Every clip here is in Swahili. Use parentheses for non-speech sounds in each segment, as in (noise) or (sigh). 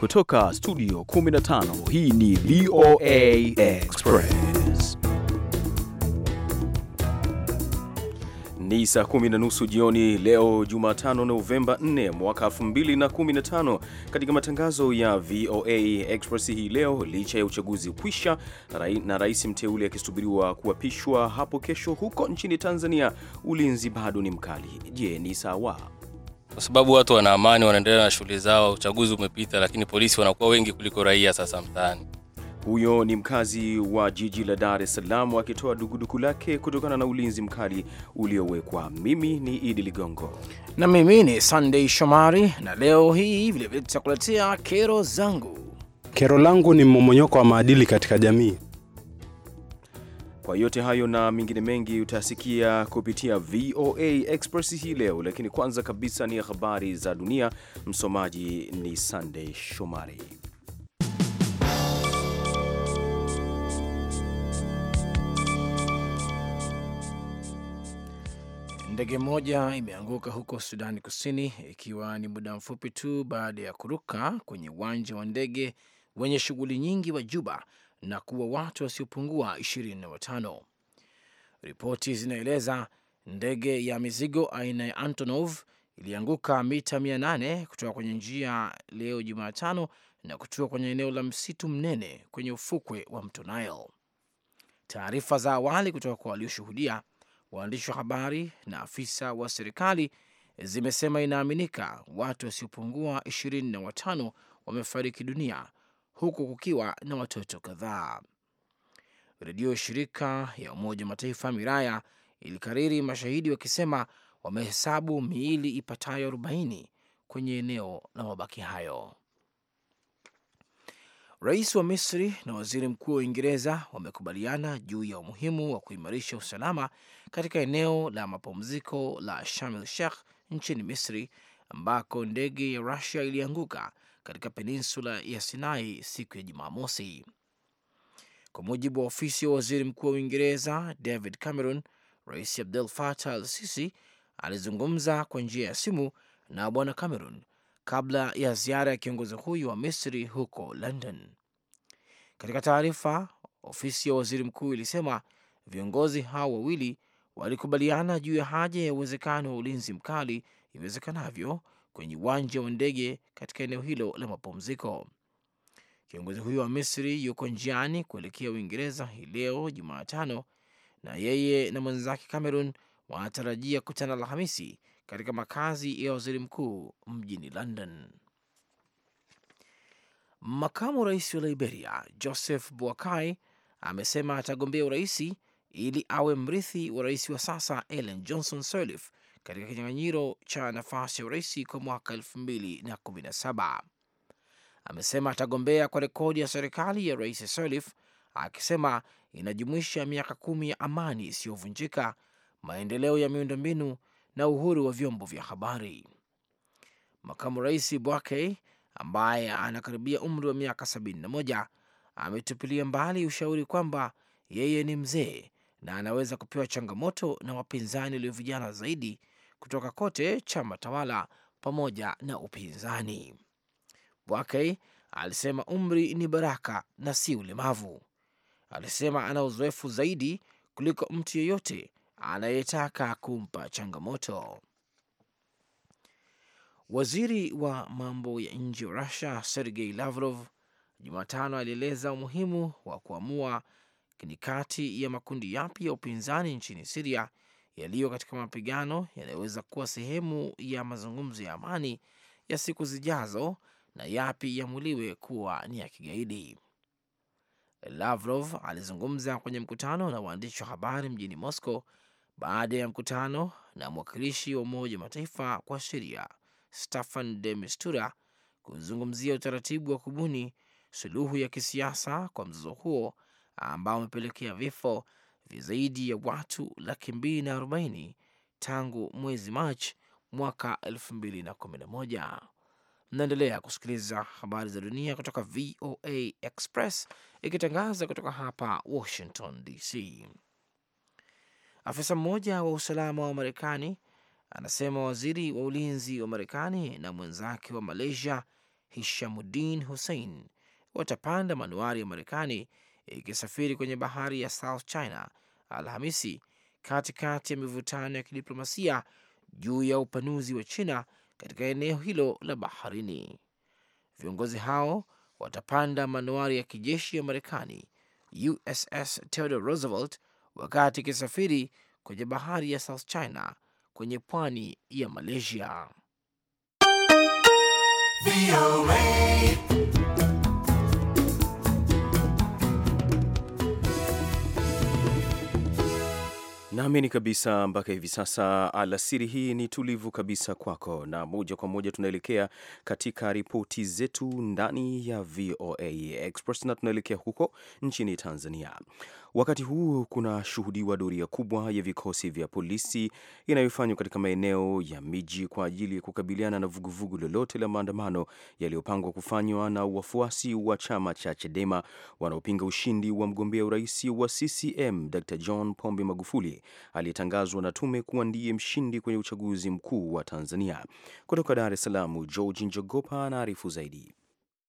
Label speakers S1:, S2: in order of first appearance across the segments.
S1: Kutoka studio 15 hii ni VOA Express. Ni saa kumi na nusu jioni leo Jumatano, Novemba 4 mwaka 2015. Katika matangazo ya VOA Express hii leo, licha ya uchaguzi kwisha na rais mteule akisubiriwa kuapishwa hapo kesho huko nchini Tanzania, ulinzi bado ni mkali. Je, ni sawa? kwa sababu watu wana amani, wanaendelea na shughuli zao. Uchaguzi umepita, lakini polisi wanakuwa wengi kuliko raia sasa mtaani. Huyo ni mkazi wa jiji la Dar es Salaam akitoa dukuduku lake kutokana na ulinzi mkali uliowekwa. Mimi ni Idi Ligongo na mimi ni sandey Shomari,
S2: na leo hii vilevile tutakuletea kero zangu.
S3: Kero langu ni mmomonyoko wa maadili katika jamii.
S2: Kwa yote hayo
S1: na mengine mengi utasikia kupitia VOA Express hii leo, lakini kwanza kabisa ni habari za dunia. Msomaji ni sandey Shomari.
S2: Ndege moja imeanguka huko Sudani Kusini ikiwa ni muda mfupi tu baada ya kuruka kwenye uwanja wa ndege wenye shughuli nyingi wa Juba na kuwa watu wasiopungua 25. Ripoti zinaeleza ndege ya mizigo aina ya Antonov ilianguka mita 800 kutoka kwenye njia leo Jumatano na kutua kwenye eneo la msitu mnene kwenye ufukwe wa mto Nile. Taarifa za awali kutoka kwa walioshuhudia, waandishi wa habari na afisa wa serikali zimesema inaaminika watu wasiopungua 25 wamefariki dunia huku kukiwa na watoto kadhaa. Redio shirika ya Umoja wa Mataifa Miraya ilikariri mashahidi wakisema wamehesabu miili ipatayo 40 kwenye eneo la mabaki hayo. Rais wa Misri na waziri mkuu wa Uingereza wamekubaliana juu ya umuhimu wa kuimarisha usalama katika eneo la mapumziko la Sharm el Sheikh nchini Misri ambako ndege ya Rusia ilianguka katika peninsula ya Sinai siku ya Jumamosi. Kwa mujibu wa ofisi wa waziri mkuu wa Uingereza David Cameron, Rais Abdel Fattah al Sisi alizungumza kwa njia ya simu na Bwana Cameron kabla ya ziara ya kiongozi huyu wa Misri huko London. Katika taarifa, ofisi ya waziri mkuu ilisema viongozi hao wawili walikubaliana juu ya haja ya uwezekano wa ulinzi mkali iwezekanavyo kwenye uwanja wa ndege katika eneo hilo la mapumziko. Kiongozi huyo wa Misri yuko njiani kuelekea Uingereza hii leo Jumatano, na yeye na mwenzake Cameron wanatarajia kutana Alhamisi katika makazi ya waziri mkuu mjini London. Makamu rais wa Liberia Joseph Boakai amesema atagombea uraisi ili awe mrithi wa rais wa sasa Ellen Johnson Sirleaf katika kinyang'anyiro cha nafasi ya urais kwa mwaka elfu mbili na kumi na saba. Amesema atagombea kwa rekodi ya serikali ya Rais Solif, akisema inajumuisha miaka kumi ya amani isiyovunjika, maendeleo ya miundombinu na uhuru wa vyombo vya habari. Makamu Rais Bwake ambaye anakaribia umri wa miaka 71 ametupilia mbali ushauri kwamba yeye ni mzee na anaweza kupewa changamoto na wapinzani walio vijana zaidi kutoka kote chama tawala pamoja na upinzani. bwake alisema umri ni baraka na si ulemavu. Alisema ana uzoefu zaidi kuliko mtu yeyote anayetaka kumpa changamoto. Waziri wa mambo ya nje wa Rusia Sergei Lavrov Jumatano alieleza umuhimu wa kuamua ni kati ya makundi yapi ya upinzani nchini Siria yaliyo katika mapigano yanayoweza kuwa sehemu ya mazungumzo ya amani ya siku zijazo na yapi yamuliwe kuwa ni ya kigaidi. Lavrov alizungumza kwenye mkutano na waandishi wa habari mjini Moscow baada ya mkutano na mwakilishi wa Umoja wa Mataifa kwa sheria Staffan de Mistura kuzungumzia utaratibu wa kubuni suluhu ya kisiasa kwa mzozo huo ambao umepelekea vifo zaidi ya watu laki mbili na arobaini tangu mwezi Machi mwaka moja. Mnaendelea kusikiliza habari za dunia kutoka VOA Express ikitangaza kutoka hapa Washington DC. Afisa mmoja wa usalama wa Marekani anasema waziri wa ulinzi wa Marekani na mwenzake wa Malaysia Hishamuddin Hussein watapanda manuari ya Marekani ikisafiri kwenye bahari ya South China Alhamisi, katikati ya mivutano ya kidiplomasia juu ya upanuzi wa China katika eneo hilo la baharini. Viongozi hao watapanda manuari ya kijeshi ya Marekani USS Theodore Roosevelt wakati ikisafiri kwenye bahari ya South China kwenye pwani ya Malaysia.
S1: Naamini kabisa mpaka hivi sasa alasiri hii ni tulivu kabisa kwako, na moja kwa moja tunaelekea katika ripoti zetu ndani ya VOA Express na tunaelekea huko nchini Tanzania. Wakati huu kunashuhudiwa doria kubwa ya vikosi vya polisi inayofanywa katika maeneo ya miji kwa ajili ya kukabiliana na vuguvugu lolote la maandamano yaliyopangwa kufanywa na wafuasi wa chama cha Chadema wanaopinga ushindi wa mgombea urais wa CCM Dr. John Pombe Magufuli aliyetangazwa na tume kuwa ndiye mshindi kwenye uchaguzi mkuu wa Tanzania. Kutoka Dar es Salaam, George Njogopa anaarifu zaidi.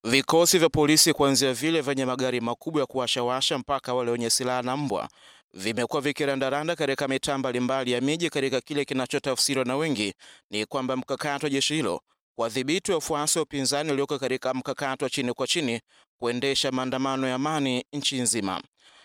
S4: Vikosi vya polisi kuanzia vile vyenye magari makubwa ya kuwashawasha mpaka wale wenye silaha na mbwa vimekuwa vikirandaranda katika mitaa mbalimbali ya miji katika kile kinachotafsiriwa na wengi ni kwamba mkakati wa jeshi hilo kuwadhibiti wafuasi wa upinzani walioko katika mkakati wa chini kwa chini kuendesha maandamano ya amani nchi nzima.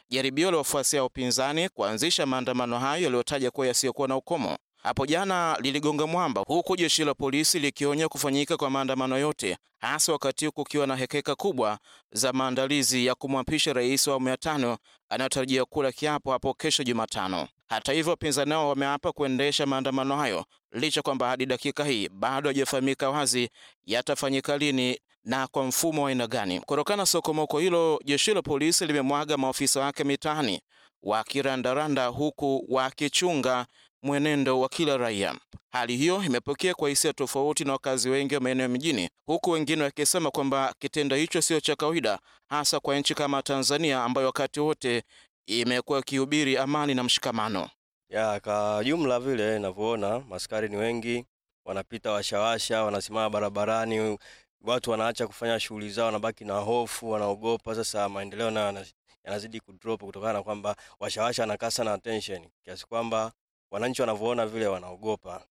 S4: Jaribio la wafuasi wa upinzani kuanzisha maandamano hayo yaliyotaja kuwa yasiyokuwa na ukomo hapo jana liligonga mwamba, huku jeshi la polisi likionya kufanyika kwa maandamano yote, hasa wakati huu kukiwa na hekeka kubwa za maandalizi ya kumwapisha rais wa awamu ya tano anayotarajia kula kiapo hapo kesho Jumatano. Hata hivyo, wapinzani wao wameapa kuendesha maandamano hayo licha kwamba hadi dakika hii bado hajafahamika wazi yatafanyika lini na kwa mfumo wa aina gani. Kutokana na sokomoko hilo, jeshi la polisi limemwaga maofisa wake mitaani wakirandaranda, huku wakichunga mwenendo wa kila raia. Hali hiyo imepokea kwa hisia tofauti na wakazi wengi wa maeneo mjini, huku wengine wakisema kwamba kitendo hicho sio cha kawaida, hasa kwa nchi kama Tanzania ambayo wakati wote imekuwa ikihubiri amani na mshikamano.
S1: Ya, kwa jumla vile ninavyoona, maskari ni wengi, wanapita washawasha, wanasimama barabarani, watu wanaacha kufanya shughuli zao, wanabaki na hofu, wanaogopa. Sasa maendeleo nayo yanazidi kudrop kutokana na kwamba washawasha wanakaa sana attention
S4: kiasi kwamba wananchi wanavyoona vile wanaogopa.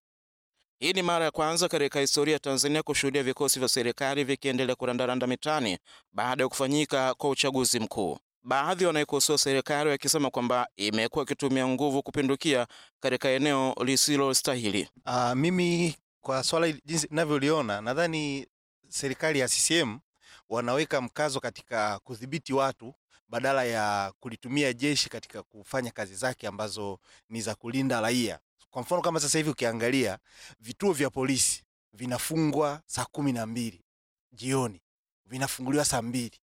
S4: Hii ni mara ya kwanza katika historia ya Tanzania kushuhudia vikosi vya serikali vikiendelea kurandaranda mitaani baada ya kufanyika kwa uchaguzi mkuu. Baadhi wanaikosoa serikali wakisema kwamba imekuwa ikitumia nguvu kupindukia katika eneo lisilostahili.
S5: Uh, mimi kwa swala jinsi ninavyoliona, nadhani serikali ya CCM wanaweka mkazo katika kudhibiti watu badala ya kulitumia jeshi katika kufanya kazi zake ambazo ni za kulinda raia. Kwa mfano kama sasa hivi ukiangalia vituo vya polisi vinafungwa saa kumi na mbili jioni, vinafunguliwa saa mbili,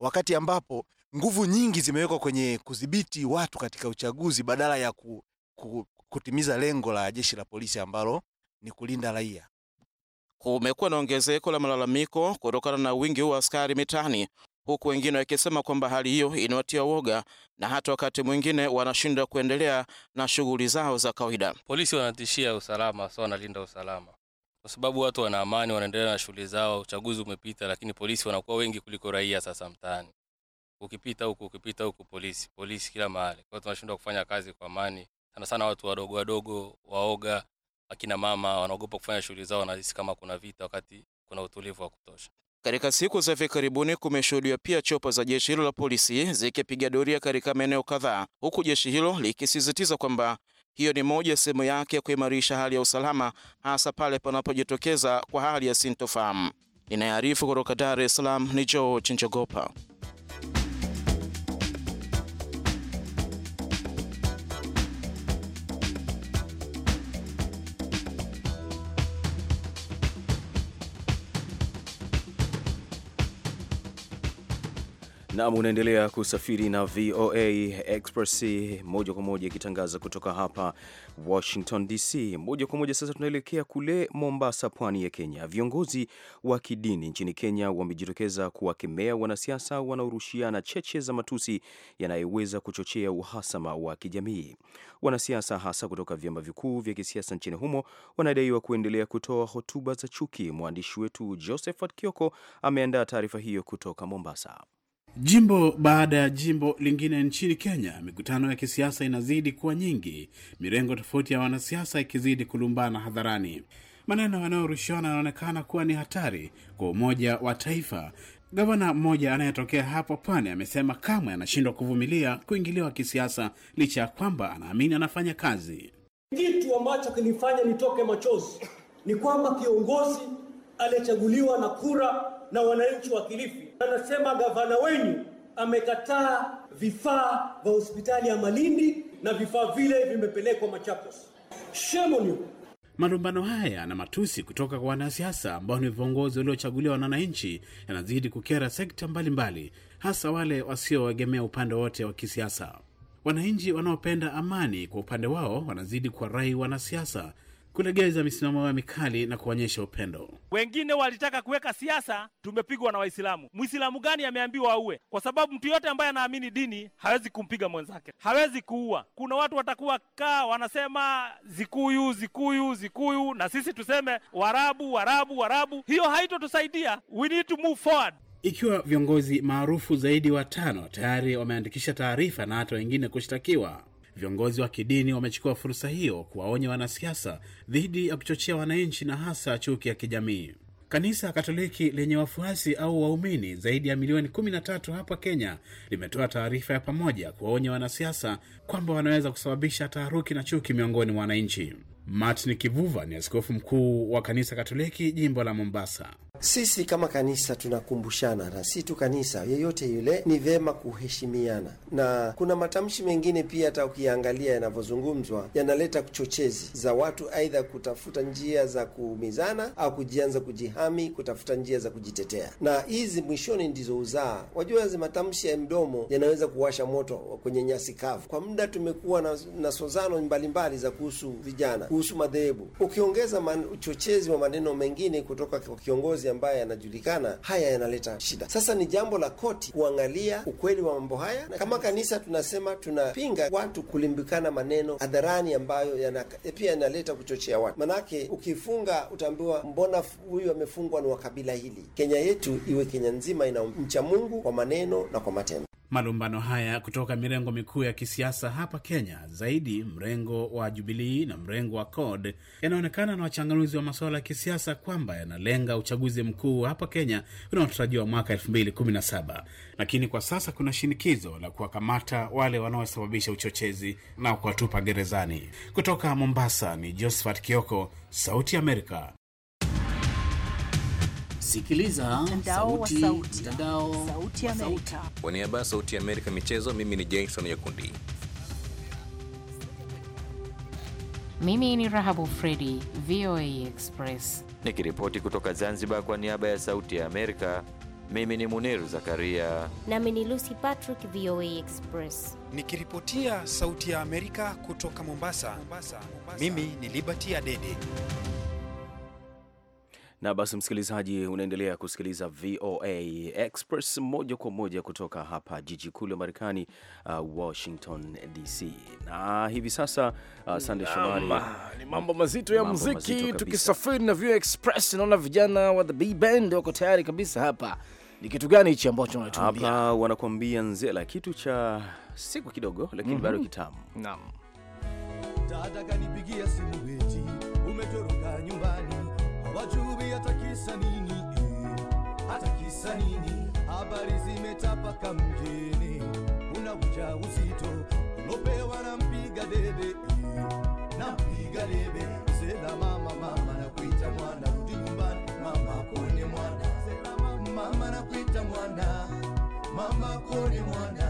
S5: wakati ambapo nguvu nyingi zimewekwa kwenye kudhibiti watu katika uchaguzi badala ya ku, ku, kutimiza lengo la jeshi la polisi ambalo ni kulinda raia.
S4: Kumekuwa na ongezeko la malalamiko kutokana na wingi wa askari mitaani huku wengine wakisema kwamba hali hiyo inawatia woga na hata wakati mwingine wanashindwa kuendelea na shughuli zao za kawaida.
S1: Polisi wanatishia usalama, so wanalinda usalama kwa sababu watu wana amani, wanaendelea na shughuli zao. Uchaguzi umepita, lakini polisi wanakuwa wengi kuliko raia. Sasa mtaani ukipita huku ukipita huku, polisi polisi kila mahali, kwa tunashindwa kufanya kazi kwa amani. Sana sana watu wadogo wadogo, waoga, akina mama wanaogopa kufanya shughuli zao, wanahisi kama kuna vita, wakati kuna utulivu wa kutosha.
S4: Katika siku za hivi karibuni kumeshuhudiwa pia chopa za jeshi hilo la polisi zikipiga doria katika maeneo kadhaa, huku jeshi hilo likisisitiza kwamba hiyo ni moja sehemu yake ya kuimarisha hali ya usalama, hasa pale panapojitokeza kwa hali ya sintofahamu. Inayoarifu kutoka Dar es Salaam ni George Njogopa.
S1: Nam, unaendelea kusafiri na VOA Express moja kwa moja ikitangaza kutoka hapa Washington DC. Moja kwa moja sasa tunaelekea kule Mombasa, pwani ya Kenya. Viongozi wa kidini nchini Kenya wamejitokeza kuwakemea wanasiasa wanaorushiana cheche za matusi yanayoweza kuchochea uhasama wa kijamii. Wanasiasa hasa kutoka vyama vikuu vya kisiasa nchini humo wanadaiwa kuendelea kutoa hotuba za chuki. Mwandishi wetu Josephat Kioko ameandaa taarifa hiyo kutoka Mombasa.
S6: Jimbo baada ya jimbo lingine nchini Kenya, mikutano ya kisiasa inazidi kuwa nyingi, mirengo tofauti ya wanasiasa ikizidi kulumbana hadharani. Maneno yanayorushiana yanaonekana kuwa ni hatari kwa umoja wa taifa. Gavana mmoja anayetokea hapo Pwani amesema kamwe anashindwa kuvumilia kuingiliwa kisiasa, licha ya kwamba anaamini anafanya kazi.
S3: Kitu ambacho kilifanya nitoke machozi ni kwamba kiongozi aliyechaguliwa na kura na wananchi wakilifu Anasema gavana wenyu amekataa vifaa vya hospitali ya Malindi na vifaa vile vimepelekwa Machakos.
S6: Shame Malumbano haya na matusi kutoka kwa wanasiasa ambao ni viongozi waliochaguliwa na wananchi yanazidi kukera sekta mbalimbali mbali, hasa wale wasioegemea upande wote wa kisiasa. Wananchi wanaopenda amani kwa upande wao wanazidi kwa rai wanasiasa kulegeza misimamo yao mikali na kuonyesha upendo.
S1: Wengine walitaka kuweka siasa, tumepigwa na Waislamu. Mwislamu gani ameambiwa auwe? Kwa sababu mtu yoyote ambaye anaamini dini hawezi kumpiga mwenzake, hawezi kuua. Kuna watu watakuwa kaa wanasema Zikuyu, Zikuyu, Zikuyu, na sisi tuseme Warabu,
S6: Warabu, Warabu. Hiyo haitotusaidia, we need to move forward. Ikiwa viongozi maarufu zaidi watano tayari wameandikisha taarifa na hata wengine kushtakiwa Viongozi wa kidini wamechukua fursa hiyo kuwaonya wanasiasa dhidi ya kuchochea wananchi na hasa chuki ya kijamii. Kanisa Katoliki lenye wafuasi au waumini zaidi ya milioni 13 hapa Kenya limetoa taarifa ya pamoja kuwaonya wanasiasa kwamba wanaweza kusababisha taharuki na chuki miongoni mwa wananchi. Martin Kivuva ni askofu mkuu wa Kanisa Katoliki
S5: jimbo la Mombasa. Sisi kama kanisa tunakumbushana, na si tu kanisa yeyote yule, ni vema kuheshimiana. Na kuna matamshi mengine pia, hata ukiangalia yanavyozungumzwa, yanaleta chochezi za watu aidha kutafuta njia za kuumizana au kujianza kujihami, kutafuta njia za kujitetea, na hizi mwishoni ndizo uzaa. Wajua, hizi matamshi ya mdomo yanaweza kuwasha moto kwenye nyasi kavu. Kwa muda tumekuwa na, na sozano mbalimbali za kuhusu vijana, kuhusu madhehebu. Ukiongeza man, uchochezi wa maneno mengine kutoka kwa kiongozi ambayo yanajulikana, haya yanaleta shida. Sasa ni jambo la koti kuangalia ukweli wa mambo haya, na kama kanisa tunasema tunapinga watu kulimbikana maneno hadharani ambayo yana, eh, pia yanaleta kuchochea watu, manake ukifunga utaambiwa mbona huyu amefungwa ni wa kabila hili. Kenya yetu iwe Kenya nzima ina mcha Mungu kwa maneno na kwa matendo.
S6: Malumbano haya kutoka mirengo mikuu ya kisiasa hapa Kenya, zaidi mrengo wa Jubilii na mrengo wa cod yanaonekana na wachanganuzi wa masuala ya kisiasa kwamba yanalenga uchaguzi mkuu hapa Kenya unaotarajiwa mwaka 217 lakini kwa sasa kuna shinikizo la kuwakamata wale wanaosababisha uchochezi na kuwatupa gerezani. Kutoka Mombasa ni Josephat Kioko, Sauti Amerika,
S2: Sikiliza ah, mtandao sauti, sauti, mtandao sauti ya Amerika.
S3: Kwa niaba ya sauti ya Amerika michezo, mimi ni Jason Yakundi.
S7: Mimi ni Rahabu Fredi, VOA Express.
S1: Nikiripoti kutoka Zanzibar kwa niaba ya sauti ya Amerika. Mimi ni Muneru Zakaria.
S3: Nami ni Lucy Patrick, VOA Express. Nikiripotia sauti ya Amerika kutoka Mombasa. Mombasa, Mombasa. Mimi ni Liberty Adede.
S1: Na basi, msikilizaji, unaendelea kusikiliza VOA Express moja kwa moja kutoka hapa jiji kuu la Marekani, uh, Washington DC. Na hivi sasa uh, Sande Shomari, ni
S2: mm, mambo mazito ya mambo muziki. Tukisafiri na VOA Express, naona vijana wa the B band wako tayari kabisa hapa ni kitu gani hichi ambacho wanatuambia hapa?
S1: Wanakuambia nzela, kitu cha siku kidogo, lakini mm -hmm. bado mhm. kitamu. Naam,
S5: dada kanipigia simu umetoroka nyumbani hawajui
S1: hata kisa nini hata kisa nini. Habari zimetapaka
S5: mjini, una ujauzito ulopewa na mpiga debe eh, na mpiga debe zela mama, mama na kuita mwana, rudi nyumbani mama, kone mwana, zela mama, mama na kuita mwana, mama kone mwana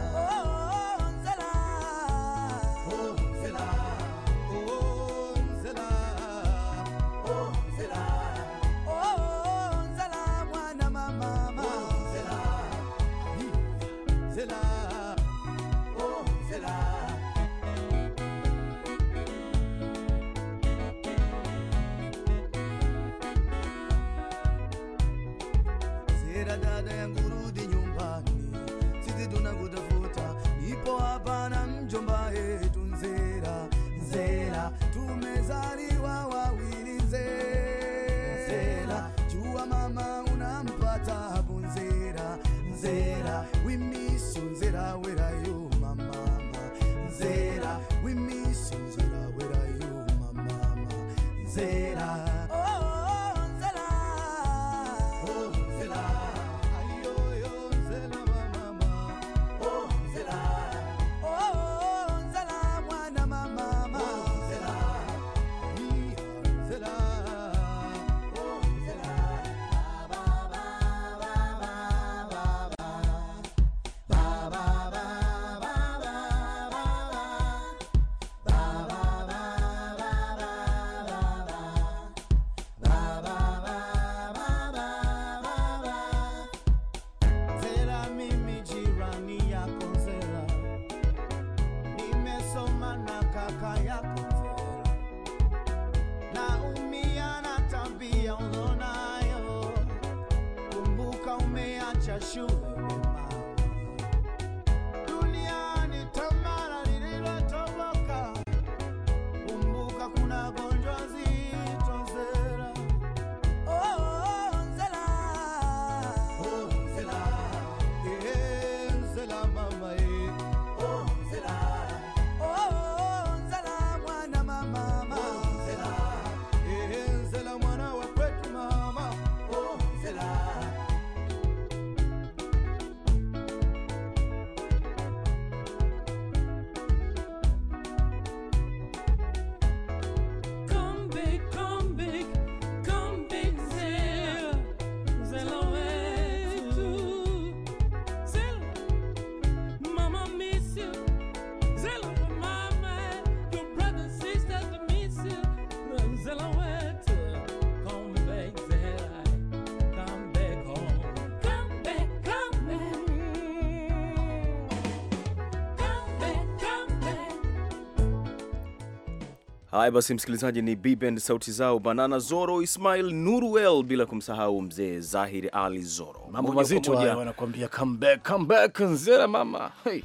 S1: Haya basi, msikilizaji, ni bbend sauti zao Banana Zoro, Ismail Nuruel, bila kumsahau mzee Zahir Ali Zoro. Mambo mazito haya,
S2: wanakuambia come back, come back nzera mama hey.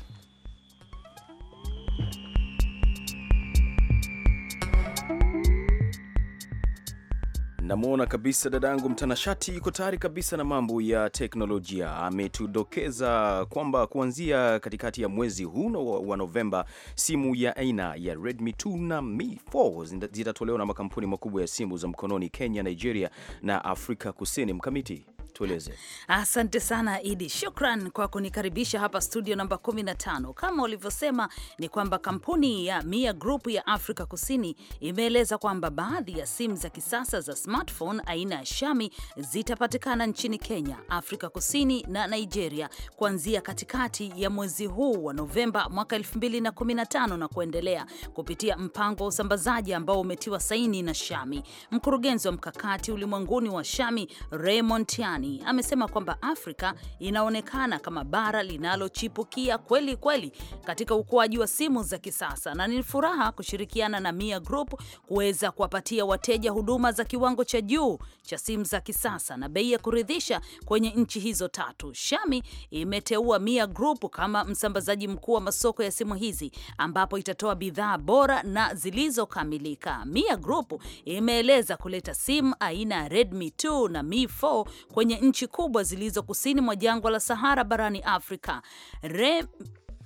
S1: Namwona kabisa dadangu mtanashati yuko tayari kabisa na mambo ya teknolojia. Ametudokeza kwamba kuanzia katikati ya mwezi huno wa Novemba, simu ya aina ya Redmi 2 na Mi 4 zitatolewa na makampuni makubwa ya simu za mkononi Kenya, Nigeria na Afrika Kusini. Mkamiti tueleze.
S8: Asante sana Idi, shukran kwa kunikaribisha hapa studio namba 15. Kama ulivyosema ni kwamba kampuni ya Mia Group ya Afrika Kusini imeeleza kwamba baadhi ya simu za kisasa za smartphone aina ya Shami zitapatikana nchini Kenya, Afrika Kusini na Nigeria kuanzia katikati ya mwezi huu wa Novemba mwaka 2015 na kuendelea kupitia mpango wa usambazaji ambao umetiwa saini na Shami. Mkurugenzi wa mkakati ulimwenguni wa Shami Raymond Marekani amesema kwamba Afrika inaonekana kama bara linalochipukia kweli kweli katika ukuaji wa simu za kisasa, na ni furaha kushirikiana na Mia Group kuweza kuwapatia wateja huduma za kiwango cha juu cha simu za kisasa na bei ya kuridhisha kwenye nchi hizo tatu. Shami imeteua Mia Group kama msambazaji mkuu wa masoko ya simu hizi ambapo itatoa bidhaa bora na zilizokamilika. Mia Group imeeleza kuleta simu aina ya Redmi 2 na Mi 4 kwenye kwenye nchi kubwa zilizo kusini mwa jangwa la Sahara barani Afrika. Re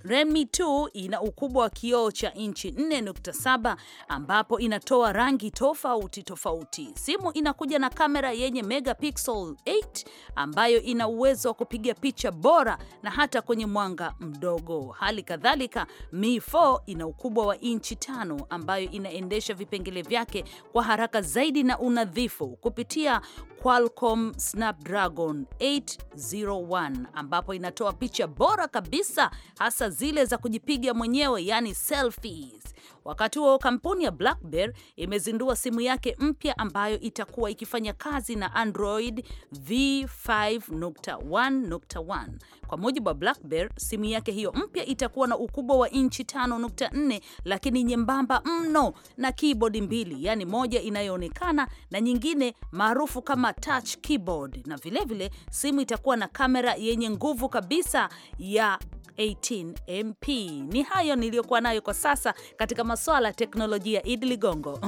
S8: remi 2 ina ukubwa wa kioo cha inchi 4.7 ambapo inatoa rangi tofauti tofauti. Simu inakuja na kamera yenye megapixel 8 ambayo ina uwezo wa kupiga picha bora na hata kwenye mwanga mdogo. Hali kadhalika, Mi 4 ina ukubwa wa inchi tano ambayo inaendesha vipengele vyake kwa haraka zaidi na unadhifu kupitia Qualcomm Snapdragon 801 ambapo inatoa picha bora kabisa hasa zile za kujipiga mwenyewe, yani selfies. Wakati huo kampuni ya BlackBerry imezindua simu yake mpya ambayo itakuwa ikifanya kazi na Android v5.1.1. Kwa mujibu wa BlackBerry, simu yake hiyo mpya itakuwa na ukubwa wa inchi 5.4 lakini nyembamba mno na keyboard mbili, yani moja inayoonekana na nyingine maarufu kama touch keyboard, na vilevile vile, simu itakuwa na kamera yenye nguvu kabisa ya 18 MP. Ni hayo niliyokuwa nayo kwa sasa katika masuala ya teknolojia. Idi Ligongo. (laughs)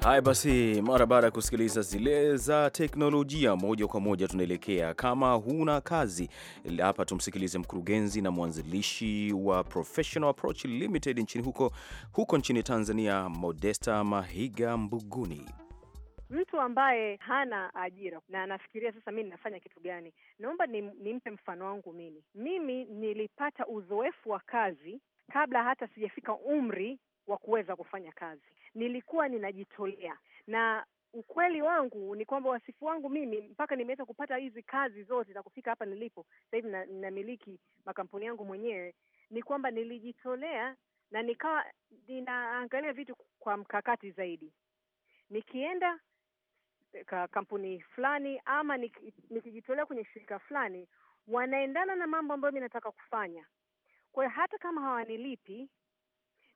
S1: Haya basi, mara baada ya kusikiliza zile za teknolojia, moja kwa moja tunaelekea kama huna kazi hapa. Tumsikilize mkurugenzi na mwanzilishi wa Professional Approach Limited nchini huko, huko nchini Tanzania, Modesta Mahiga Mbuguni
S7: mtu ambaye hana ajira na anafikiria sasa, mi ninafanya kitu gani? Naomba nimpe ni mfano wangu mimi. Mimi nilipata uzoefu wa kazi kabla hata sijafika umri wa kuweza kufanya kazi. Nilikuwa ninajitolea na ukweli wangu ni kwamba wasifu wangu mimi mpaka nimeweza kupata hizi kazi zote na kufika hapa nilipo sasa hivi, na makampuni yangu mwenyewe, ni kwamba nilijitolea na nikawa ninaangalia vitu kwa mkakati zaidi. Nikienda kampuni fulani ama nikijitolea kwenye shirika fulani, wanaendana na mambo ambayo mi nataka kufanya. Kwa hiyo hata kama hawanilipi,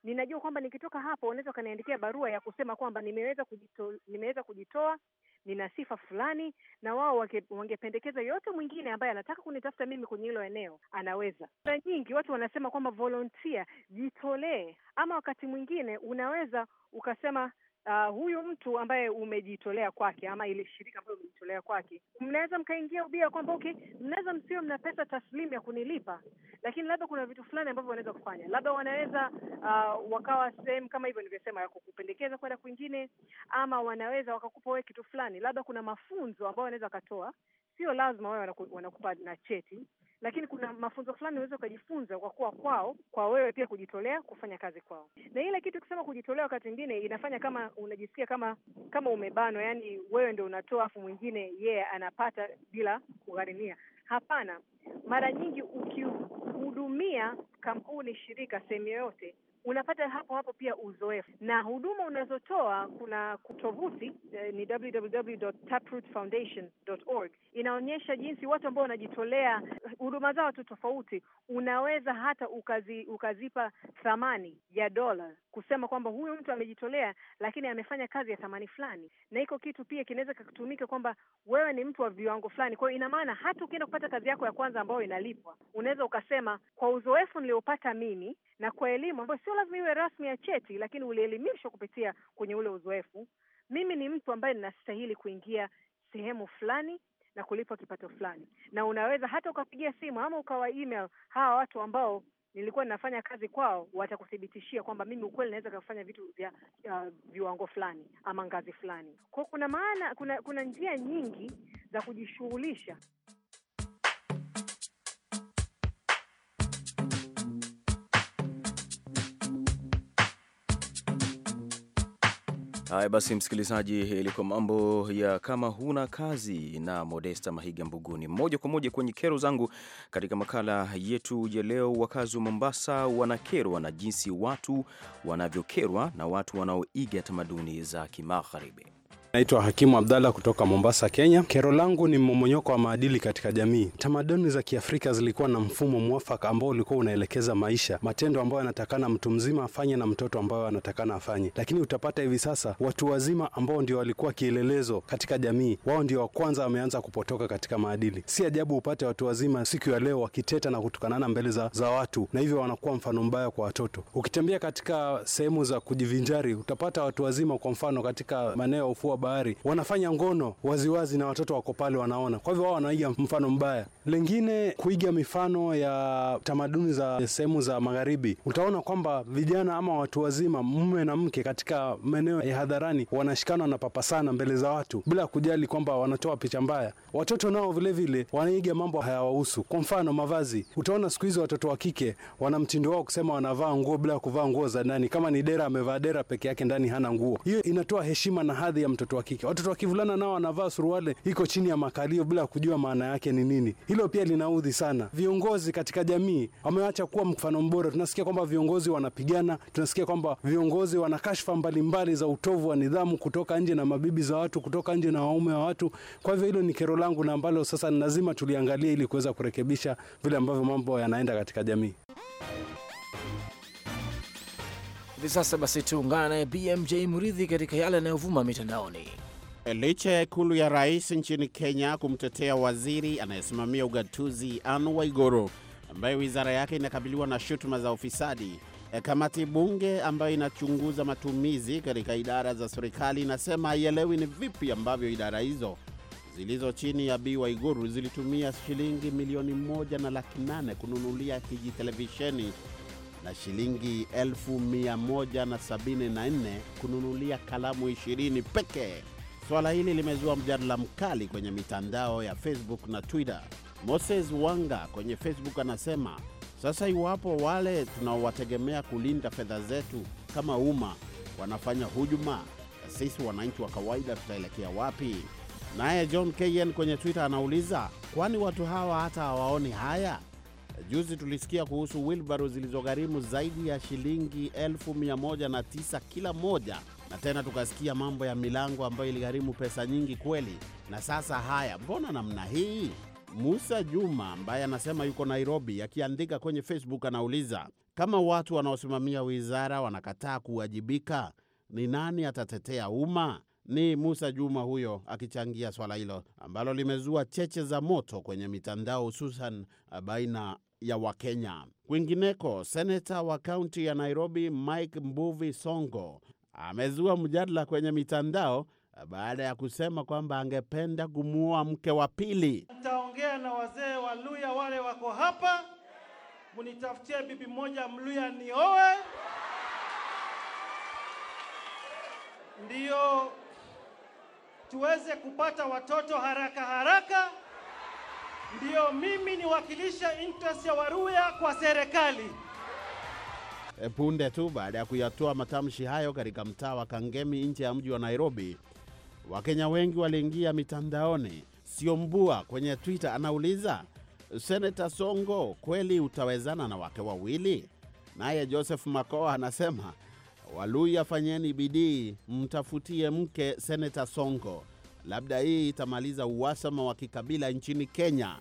S7: ninajua kwamba nikitoka hapo wanaweza wakaniandikia barua ya kusema kwamba nimeweza kujito, nimeweza kujitoa, nina sifa fulani, na wao wangependekeza yoyote mwingine ambaye anataka kunitafuta mimi kwenye hilo eneo anaweza. Mara nyingi watu wanasema kwamba volunteer, jitolee, ama wakati mwingine unaweza ukasema uh, huyu mtu ambaye umejitolea kwake ama ile shirika ambayo umejitolea kwake, mnaweza mkaingia ubia kwamba okay, mnaweza msiwe mna pesa taslimu ya kunilipa, lakini labda kuna vitu fulani ambavyo wanaweza kufanya, labda wanaweza uh, wakawa sehemu kama hivyo nilivyosema, ya kukupendekeza kwenda kwingine, ama wanaweza wakakupa wewe kitu fulani, labda kuna mafunzo ambayo wanaweza wakatoa. Sio lazima wawe wanakupa na cheti, lakini kuna mafunzo fulani unaweza ukajifunza kwa kuwa kwao, kwa wewe pia kujitolea kufanya kazi kwao. Na ile kitu kusema kujitolea, wakati mwingine inafanya kama unajisikia kama kama umebanwa, yani wewe ndio unatoa afu mwingine yeye yeah, anapata bila kugharimia. Hapana, mara nyingi ukihudumia kampuni, shirika, sehemu yoyote unapata hapo hapo pia uzoefu na huduma unazotoa. Kuna tovuti eh, ni www.taprootfoundation.org inaonyesha jinsi watu ambao wanajitolea huduma zao tu tofauti, unaweza hata ukazi, ukazipa thamani ya dola kusema kwamba huyu mtu amejitolea, lakini amefanya kazi ya thamani fulani, na iko kitu pia kinaweza kutumika kwamba wewe ni mtu wa viwango fulani. Kwa hiyo ina maana hata ukienda kupata kazi yako ya kwanza ambayo inalipwa, unaweza ukasema kwa uzoefu niliopata mimi na kwa elimu ambayo sio lazima iwe rasmi ya cheti, lakini ulielimishwa kupitia kwenye ule uzoefu, mimi ni mtu ambaye ninastahili kuingia sehemu fulani na kulipwa kipato fulani. Na unaweza hata ukapigia simu ama ukawa email hawa watu ambao nilikuwa ninafanya kazi kwao, watakuthibitishia kwamba mimi ukweli naweza kufanya vitu vya uh, viwango fulani ama ngazi fulani. Kwao kuna maana, kuna kuna njia nyingi za kujishughulisha
S1: Haya basi, msikilizaji, ilikuwa mambo ya kama huna kazi na Modesta Mahiga Mbuguni. Moja kwa moja kwenye kero zangu katika makala yetu ya leo. Wakazi wa Mombasa wanakerwa na jinsi watu wanavyokerwa na watu wanaoiga tamaduni za Kimagharibi.
S3: Naitwa Hakimu Abdalla kutoka Mombasa, Kenya. Kero langu ni mmomonyoko wa maadili katika jamii. Tamaduni za Kiafrika zilikuwa na mfumo mwafaka ambao ulikuwa unaelekeza maisha, matendo ambayo yanatakana mtu mzima afanye na mtoto ambayo anatakana afanye, lakini utapata hivi sasa watu wazima ambao ndio walikuwa kielelezo katika jamii, wao ndio wa kwanza wameanza kupotoka katika maadili. Si ajabu upate watu wazima siku ya leo wakiteta na kutukanana mbele za, za watu, na hivyo wanakuwa mfano mbaya kwa watoto. Ukitembea katika sehemu za kujivinjari, utapata watu wazima, kwa mfano katika maeneo ya ufuo bahari wanafanya ngono waziwazi na watoto wako pale wanaona. Kwa hivyo wao wanaiga mfano mbaya. Lengine kuiga mifano ya tamaduni za sehemu za magharibi, utaona kwamba vijana ama watu wazima, mume na mke, katika maeneo ya hadharani wanashikana na papa sana mbele za watu bila kujali kwamba wanatoa picha mbaya. Watoto nao vilevile wanaiga mambo hayawahusu. Kwa mfano mavazi, utaona siku hizi watoto wa kike wana mtindo wao kusema wanavaa nguo bila kuvaa nguo za ndani. Kama ni dera, amevaa dera peke yake, ndani hana nguo. Hiyo inatoa heshima na hadhi ya mtoto watoto wa kike. Watoto wa kivulana nao wanavaa suruali iko chini ya makalio bila kujua maana yake ni nini. Hilo pia linaudhi sana. Viongozi katika jamii wameacha kuwa mfano mbora. Tunasikia kwamba viongozi wanapigana, tunasikia kwamba viongozi wana kashfa mbalimbali za utovu wa nidhamu kutoka nje na mabibi za watu, kutoka nje na waume wa watu. Kwa hivyo hilo ni kero langu na ambalo sasa ni lazima tuliangalie ili kuweza kurekebisha
S2: vile ambavyo mambo yanaenda katika jamii. Hivi sasa basi tuungana naye BMJ Muridhi katika yale yanayovuma mitandaoni. Licha
S9: ya ikulu ya rais nchini Kenya kumtetea waziri anayesimamia ugatuzi Anu Waigoro, ambaye wizara yake inakabiliwa na shutuma za ufisadi, eh, kamati bunge ambayo inachunguza matumizi katika idara za serikali inasema haielewi ni vipi ambavyo idara hizo zilizo chini ya Bi Waiguru zilitumia shilingi milioni moja na laki nane kununulia kijitelevisheni na shilingi 1174 kununulia kalamu 20 pekee. Swala hili limezua mjadala mkali kwenye mitandao ya Facebook na Twitter. Moses Wanga kwenye Facebook anasema sasa, iwapo wale tunaowategemea kulinda fedha zetu kama umma wanafanya hujuma, sisi wananchi wa kawaida tutaelekea wapi? Naye John Kn kwenye Twitter anauliza, kwani watu hawa hata hawaoni haya? Juzi tulisikia kuhusu wilbaro zilizogharimu zaidi ya shilingi elfu mia moja na tisa kila moja, na tena tukasikia mambo ya milango ambayo iligharimu pesa nyingi kweli. Na sasa haya, mbona namna hii? Musa Juma ambaye anasema yuko Nairobi, akiandika kwenye Facebook anauliza kama watu wanaosimamia wizara wanakataa kuwajibika, ni nani atatetea umma? Ni Musa Juma huyo akichangia swala hilo ambalo limezua cheche za moto kwenye mitandao hususan eh, baina ya Wakenya. Kwingineko, seneta wa kaunti ya Nairobi Mike Mbuvi Songo amezua mjadala kwenye mitandao eh, baada ya kusema kwamba angependa kumuoa mke wa pili.
S4: Nitaongea na wazee wa Luya wale wako hapa, mnitafutie bibi moja Mluya nioe, ndiyo tuweze kupata watoto haraka haraka, ndiyo mimi niwakilisha interest ya Waruya kwa serikali.
S9: E, punde tu baada ya kuyatoa matamshi hayo katika mtaa wa Kangemi nje ya mji wa Nairobi, Wakenya wengi waliingia mitandaoni. Siombua kwenye Twitter anauliza Seneta Songo, kweli utawezana na wake wawili? Naye Joseph Makoa anasema Waluya, fanyeni bidii, mtafutie mke seneta Sonko. Labda hii itamaliza uhasama wa kikabila nchini Kenya.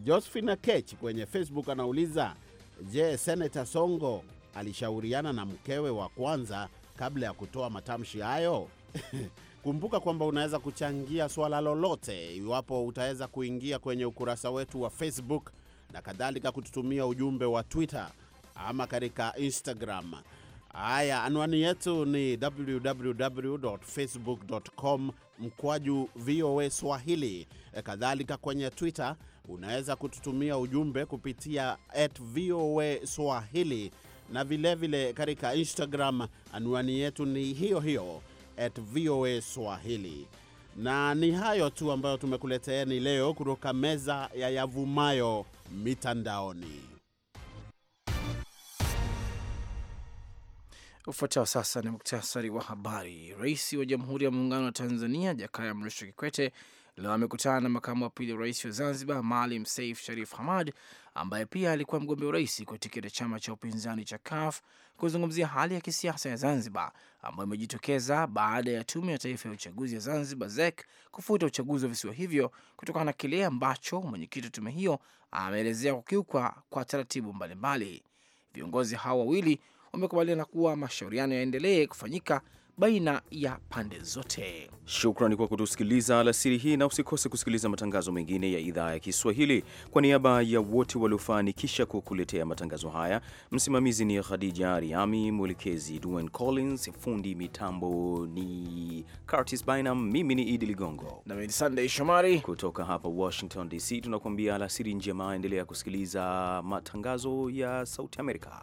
S9: Josephine Kech kwenye Facebook anauliza, je, seneta Sonko alishauriana na mkewe wa kwanza kabla ya kutoa matamshi hayo? (laughs) Kumbuka kwamba unaweza kuchangia swala lolote iwapo utaweza kuingia kwenye ukurasa wetu wa Facebook na kadhalika, kututumia ujumbe wa Twitter ama katika Instagram. Haya, anwani yetu ni www.facebook.com mkwaju VOA Swahili. E, kadhalika kwenye Twitter unaweza kututumia ujumbe kupitia at VOA Swahili na vilevile katika Instagram anwani yetu ni hiyo hiyo at VOA Swahili. Na ni hayo tu ambayo tumekuleteeni leo kutoka meza ya yavumayo
S2: mitandaoni. Ufuatao sasa ni muktasari wa habari. Rais wa Jamhuri ya Muungano wa Tanzania Jakaya Mrisho Kikwete leo amekutana na makamu wa pili wa rais wa Zanzibar Maalim Seif Sharif Hamad ambaye pia alikuwa mgombea urais kwa tiketi ya chama cha upinzani cha CUF kuzungumzia hali ya kisiasa ya Zanzibar ambayo imejitokeza baada ya Tume ya Taifa ya Uchaguzi ya Zanzibar ZEC kufuta uchaguzi wa visiwa hivyo kutokana na kile ambacho mwenyekiti wa tume hiyo ameelezea kukiukwa kwa taratibu mbalimbali. Viongozi hao wawili wamekubaliana kuwa mashauriano yaendelee kufanyika baina ya pande zote.
S1: Shukrani kwa kutusikiliza alasiri hii, na usikose kusikiliza matangazo mengine ya idhaa ya Kiswahili. Kwa niaba ya wote waliofanikisha kukuletea matangazo haya, msimamizi ni Khadija Riami, mwelekezi Dwayne Collins, fundi mitambo ni Curtis Bynum, mimi ni Idi Ligongo na mimi Sunday Shomari kutoka hapa Washington DC, tunakuambia alasiri njema. Endelea kusikiliza matangazo ya Sauti Amerika.